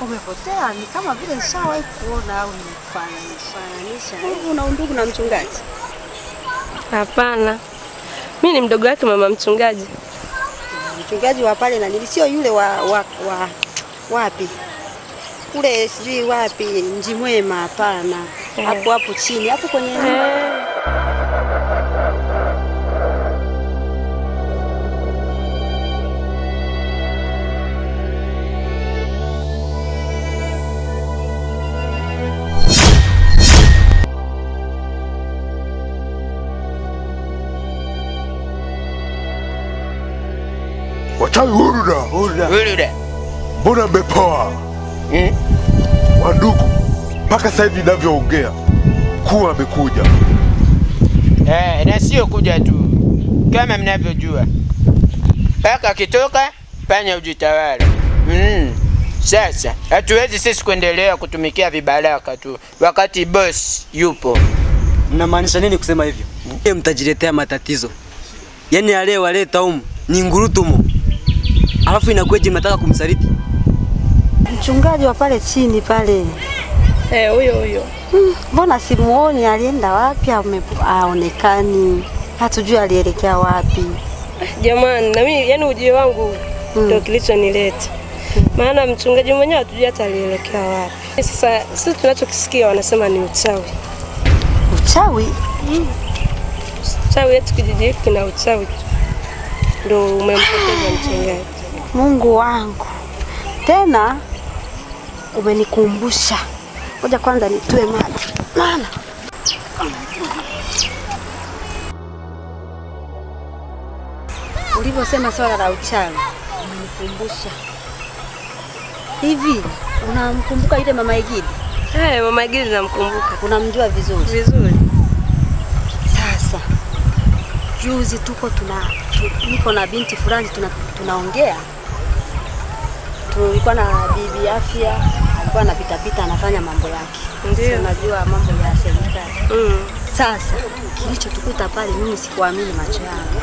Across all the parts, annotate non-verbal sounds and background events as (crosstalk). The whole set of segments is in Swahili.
Umepotea ni kama vile nishawahi kuona au Hivi una undugu na mchungaji? Hapana, mi ni mdogo wake mama mchungaji. Mchungaji wa pale na sio yule wa, wa, wa wapi kule sijui wapi Njimwema. Hapana, eh. hapo hapo chini hapo kwenye eh. Wachawi hurura, mbona mmepoa mm? Wandugu, mpaka sasa hivi ninavyoongea kuwa amekuja eh, na sio kuja tu, kama mnavyojua paka akitoka panya ujitawala mm. Sasa hatuwezi sisi kuendelea kutumikia vibaraka tu wakati boss yupo. Mnamaanisha nini kusema hivyo? Hmm. Mtajiletea matatizo, yaani aliyewaleta umu ni ngurutumo. Alafu inakuwaje mnataka kumsaliti? Mchungaji wa pale chini pale. Eh, huyo huyo. Hmm, mbona hmm, simuoni alienda wapi? Aonekani. Hatujui alielekea wapi. Jamani, na mimi yani ujio wangu hmm. ndio hmm, kilichonileta. Hmm. Maana mchungaji mwenyewe hatujui hata alielekea wapi. Sasa sisi tunachokisikia wanasema ni uchawi. Uchawi? Hmm. Uchawi yetu kijiji kina uchawi. Ndio umempoteza mchungaji. Mungu wangu, tena umenikumbusha. Ngoja kwanza nitue maji, maana ulivyosema swala la uchawi umenikumbusha. Hivi unamkumbuka yule mama Igidi? Hey, eh, mama Egidi namkumbuka. Unamjua vizuri vizuri? Sasa juzi tuko tuna niko na binti fulani tunaongea tuna tulikuwa na bibi afya alikuwa anapitapita anafanya mambo yake, ndio unajua mambo ya serikali mm. Sasa kilichotukuta pale, mimi sikuamini macho yangu.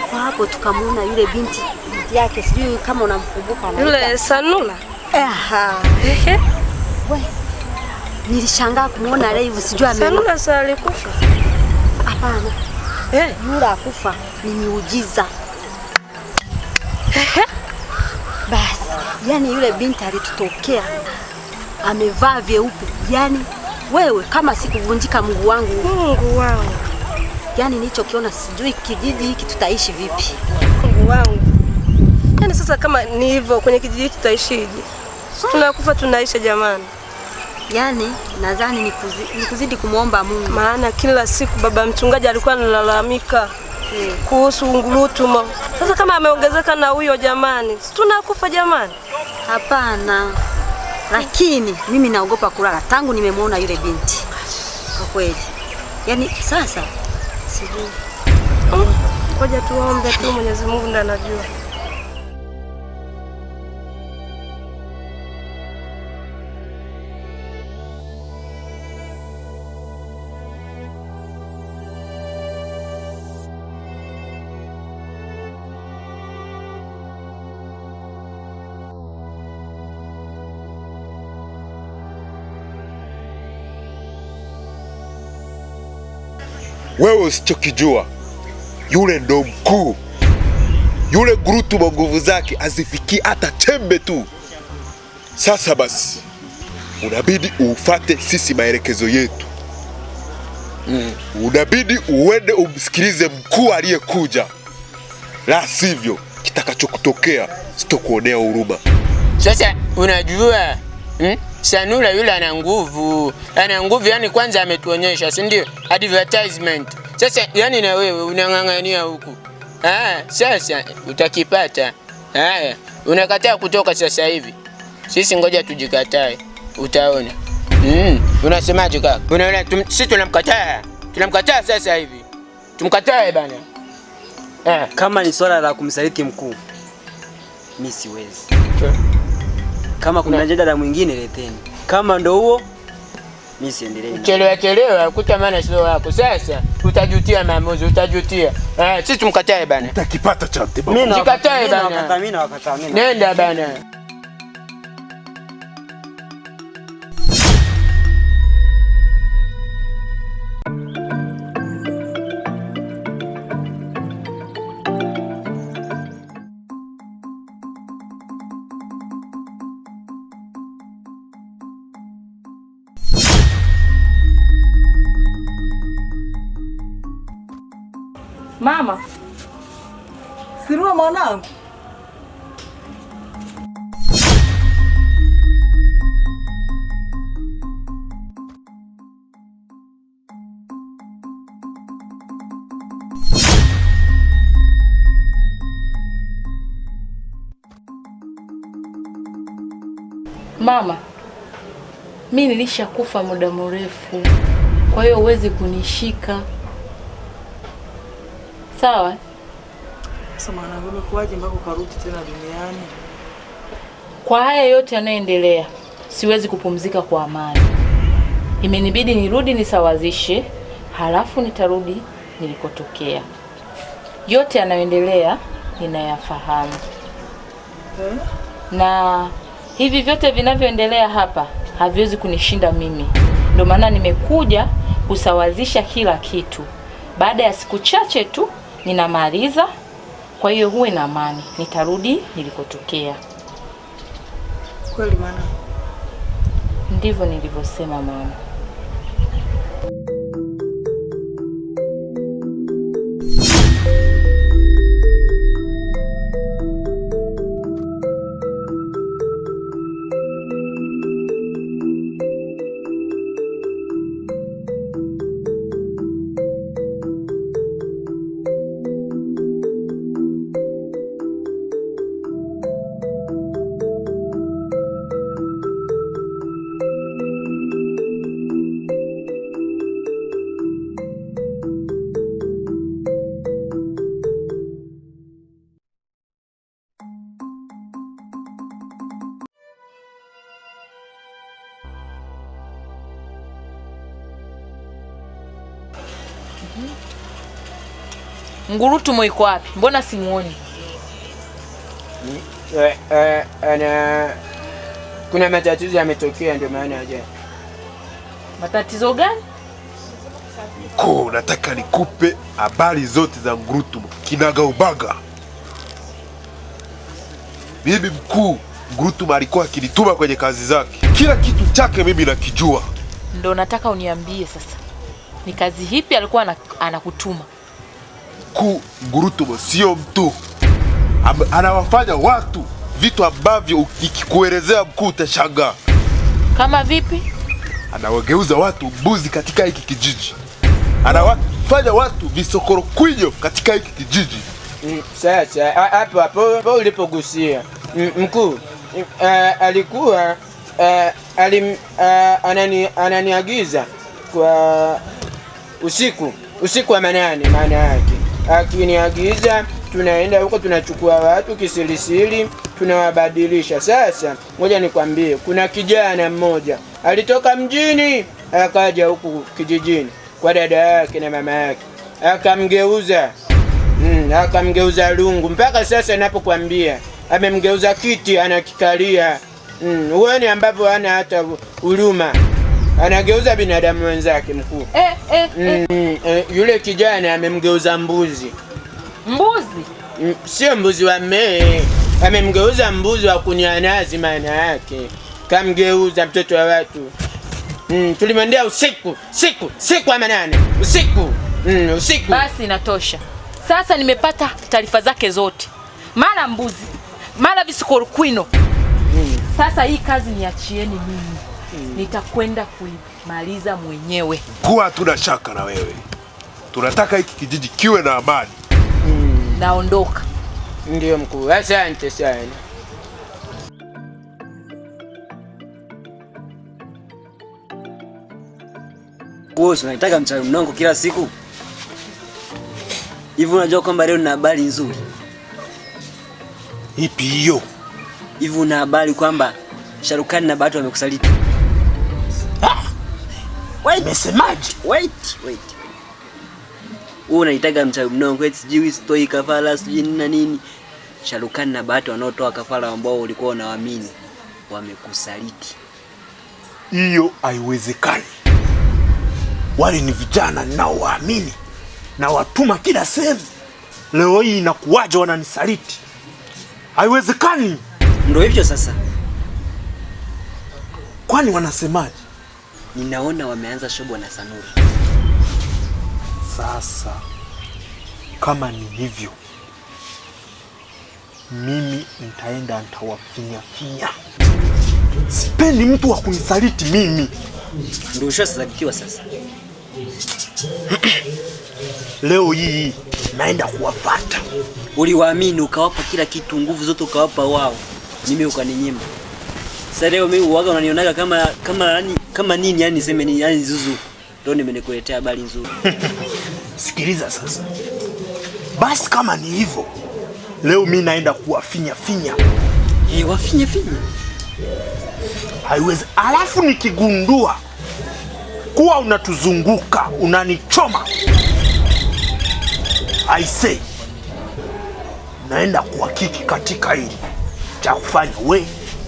Tuko hapo tukamwona yule binti, binti yake sijui kama unamkumbuka yule Sanula. Aha. We, nilishangaa kumwona live, sijui ame sasa alikufa? Hapana. Eh, yule akufa ni miujiza yani yule binti alitutokea amevaa vyeupe, yani wewe kama sikuvunjika Mungu wangu, Mungu wangu, yani nilichokiona, sijui kijiji hiki tutaishi vipi, Mungu wangu. Yani sasa kama ni hivyo kwenye kijiji hiki tutaishije? Tunakufa tunaisha jamani. Yani nadhani nikuzidi, nikuzidi kumwomba Mungu, maana kila siku baba mchungaji alikuwa analalamika hmm, kuhusu ngulutuma. Sasa kama ameongezeka na huyo, jamani, tunakufa jamani. Hapana, lakini mimi naogopa kulala tangu nimemwona yule binti kwa kweli. Yaani sasa sijui, oh, ngoja tuombe tu, Mwenyezi Mungu ndiye anajua. wewe usichokijua, yule ndo mkuu. Yule Grutu wa nguvu zake azifikie hata chembe tu. Sasa basi, unabidi uufate sisi maelekezo yetu. Mm. Unabidi uende umsikilize mkuu aliyekuja, la sivyo kitakachokutokea sitokuonea huruma. Sasa unajua Hmm? Sanula yule ana nguvu, ana nguvu yani, kwanza ametuonyesha, si ndio? Advertisement sasa, yani na wewe unang'ang'ania huku ah, sasa utakipata haya. Unakataa kutoka sasa hivi, sisi ngoja tujikatae, utaona. Hmm. unasemaje kaka? Unaona tum, sisi tunamkataa, tunamkataa sasa hivi, tumkatae bana ah. Kama ni swala la kumsaliti mkuu, mimi siwezi okay. Kama kuna mjadala mwingine leteni, kama ndo huo mimi siendelee. Chelewa chelewa kuta maana sio wako. Sasa utajutia maamuzi, utajutia. Eh, sisi tumkatae bana. Utakipata cha mtibabu. Mimi nikatae bana. Nenda bana. Mama, mi nilishakufa muda mrefu, kwa hiyo huwezi kunishika. Sawa? Sasa mwanangu, umekuwaje mpaka ukarudi tena duniani? Kwa haya yote yanayoendelea, siwezi kupumzika kwa amani. Imenibidi nirudi nisawazishe, halafu nitarudi nilikotokea. Yote yanayoendelea ninayafahamu eh? na hivi vyote vinavyoendelea hapa haviwezi kunishinda mimi. Ndio maana nimekuja kusawazisha kila kitu. Baada ya siku chache tu ninamaliza kwa hiyo huwe na amani, nitarudi nilikotokea. Kweli mwana, ndivyo nilivyosema mama. Ngurutumo iko wapi? Mbona simuoni? Ana e, e, e, kuna matatizo yametokea, ndio maana aje. Matatizo gani? Ko, nataka nikupe habari zote za Ngurutumo kinaga ubaga. Bibi mkuu Ngurutumo alikuwa akinituma kwenye kazi zake, kila kitu chake mimi nakijua. Ndio nataka uniambie sasa ni kazi hipi alikuwa anakutuma? ku Gurutumo sio mtu anawafanya watu vitu ambavyo ikikuelezea mkuu utashangaa. Kama vipi? Anawageuza watu mbuzi katika hiki kijiji, anawafanya watu visokoro kwinyo katika hiki kijiji. Mm, sasa hapo hapo ulipogusia mkuu alikuwa ananiagiza kwa usiku usiku wa manane. Maana yake akiniagiza, tunaenda huko, tunachukua watu kisirisiri, tunawabadilisha. Sasa ngoja nikwambie, kuna kijana mmoja alitoka mjini akaja huku kijijini kwa dada yake na mama yake, akamgeuza mm, akamgeuza lungu. Mpaka sasa napokwambia, amemgeuza kiti anakikalia. Mm, uone ambavyo ana hata huruma anageuza binadamu wenzake mkuu. Eh, eh, eh. mm, eh. Eh, yule kijana amemgeuza mbuzi. Mbuzi? Mm, sio mbuzi wa mee, amemgeuza mbuzi wa nazi, Maana yake kamgeuza mtoto wa watu. Mm, tulimwendea usiku siku siku ama nane usiku. Mm, usiku basi, inatosha sasa. Nimepata taarifa zake zote, mara mbuzi, mara visikorukwino. Mm. Sasa hii kazi niachieni mimi nitakwenda kuimaliza mwenyewe. Kuwa hatuna shaka na wewe, tunataka hiki kijiji kiwe na amani. Mm. Naondoka. ndio mkuu, asante sana. Unataka mchana mnongo kila siku hivi? Unajua kwamba leo nina habari nzuri. Ipi hiyo? Hivi una habari kwamba Sharukani na Bahati wamekusaliti? imesemaje? Wait, wait. Wewe unaitaga mchawi mnongo eti sijui stoi kafara sijui na nini. Sharukani na Bahati wanaotoa kafara ambao ulikuwa unawaamini wamekusaliti. Hiyo haiwezekani. Wale ni vijana ninaowaamini na watuma kila sehemu. Leo hii inakuwaje wananisaliti? Haiwezekani. Ndio hivyo sasa. Kwani wanasemaje? Ninaona wameanza shobo na Sanuri. Sasa kama ni hivyo, mimi nitaenda nitawafinya finya. Sipendi mtu wa kunisaliti mimi. Ndio ushasalitiwa sasa. (clears throat) Leo hii naenda kuwapata. Uliwaamini ukawapa kila kitu, nguvu zote ukawapa wao, mimi ukaninyima. Sasa leo mimi uwaga unanionaga kama kama yani kama nini yani niseme ni yani Zuzu. Ndio nimenikuletea habari nzuri. (laughs) Sikiliza sasa. Basi kama ni hivyo leo mimi naenda kuwafinya finya. Eh, wafinya finya. Haiwezi. Alafu nikigundua kuwa unatuzunguka, unanichoma. I say naenda kuhakiki katika hili cha kufanya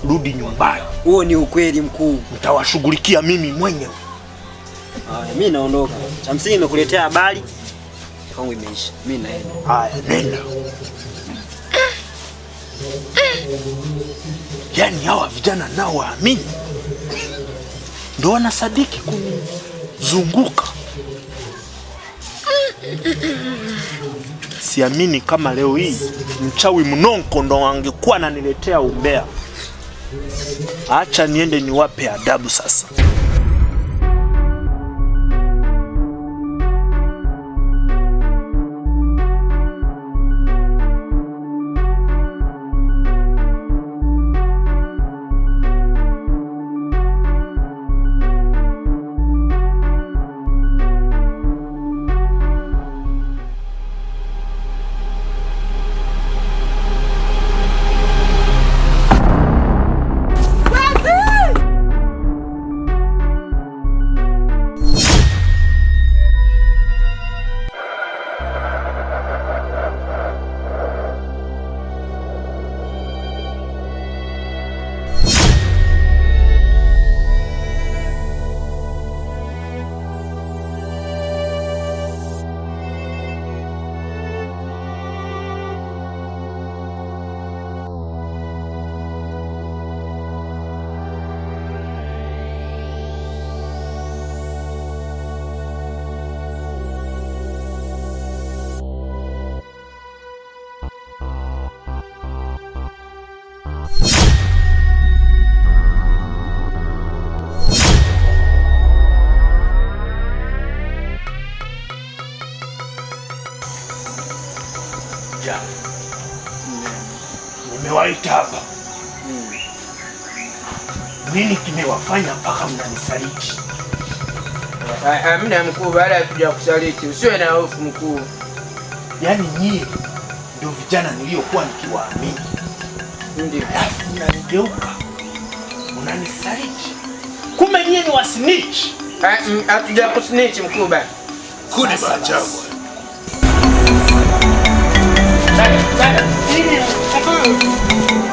rudi nyumbani. Huo ni ukweli mkuu, nitawashughulikia mimi mwenyewe. Haya, mimi naondoka. Cha msingi nimekuletea habari kwangu imeisha, mimi naenda. Haya, nenda. Yaani hawa vijana nao waamini ndo wanasadiki kunizunguka. Siamini kama leo hii mchawi mnonko ndo angekuwa ananiletea umbea acha niende niwape adabu sasa. kuja mm. nimewaita hapa mm. nini kimewafanya mpaka mnanisaliti? Amna mkuu, baada ya kuja kusaliti usiwe na hofu mkuu. Yaani nyie ndio vijana niliyokuwa nikiwaamini, ndio halafu mnanigeuka mnanisaliti, kumbe nyie ni wasnitch. Mm, hatuja kusnitch mkuu bana. Kuni bana 来，给你，来，傅。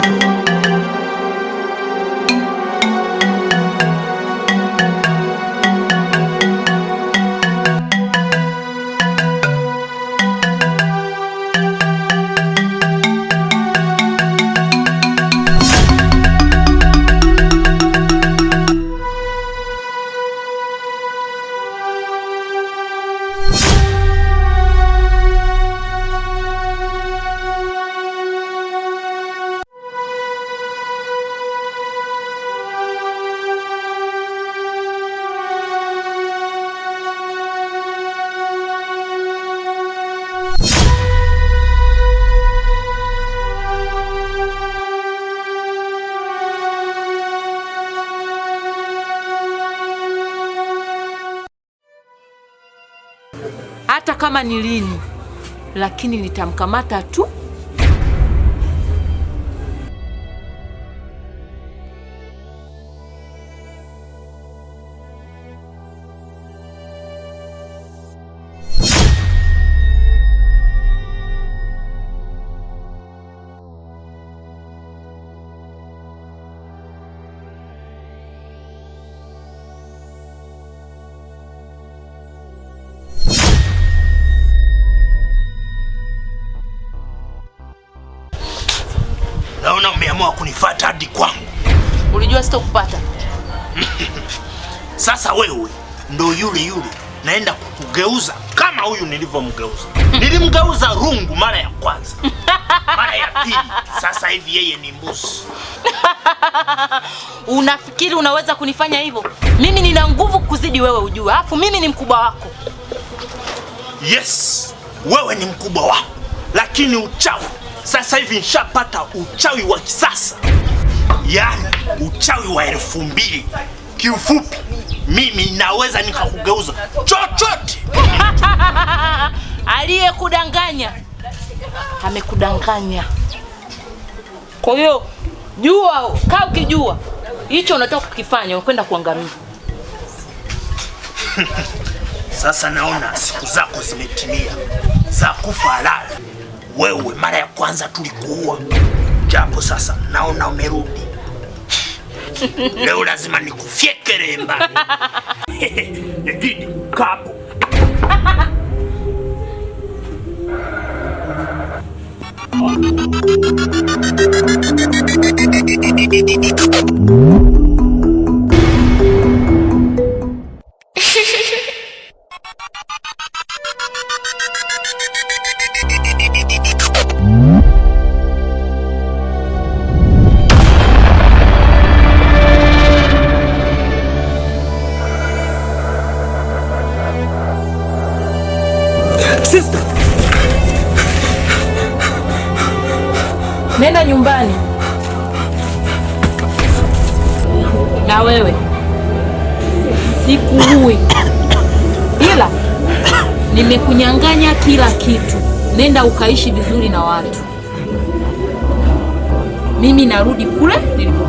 kama ni lini, lakini nitamkamata tu wewe ndo yule yule, naenda kukugeuza kama huyu nilivyomgeuza. (laughs) Nilimgeuza rungu mara ya kwanza, mara ya pili, sasa hivi yeye ni mbuzi. (laughs) Unafikiri unaweza kunifanya hivyo? Mimi nina nguvu kuzidi wewe, ujue. Alafu mimi ni mkubwa wako. Yes, wewe ni mkubwa wako, lakini uchawi sasa hivi nishapata uchawi wa kisasa, yaani uchawi wa elfu mbili. Kiufupi, mimi naweza nikakugeuza chochote. (laughs) Aliyekudanganya amekudanganya. Kwa hiyo jua, kaa ukijua hicho unataka kukifanya, unakwenda kuangamia. (laughs) Sasa naona siku zako zimetimia za kufa halali. Wewe mara ya kwanza tulikuua, japo sasa naona umerudi Leula z maniku fiekry man. Kap. kapu. sikuui, ila nimekunyang'anya kila kitu. Nenda ukaishi vizuri na watu, mimi narudi kule nilipo.